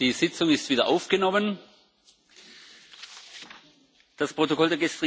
die sitzung ist wieder aufgenommen. das protokoll der gestrigen sitzung wird mit dem bericht der kommission angehängt.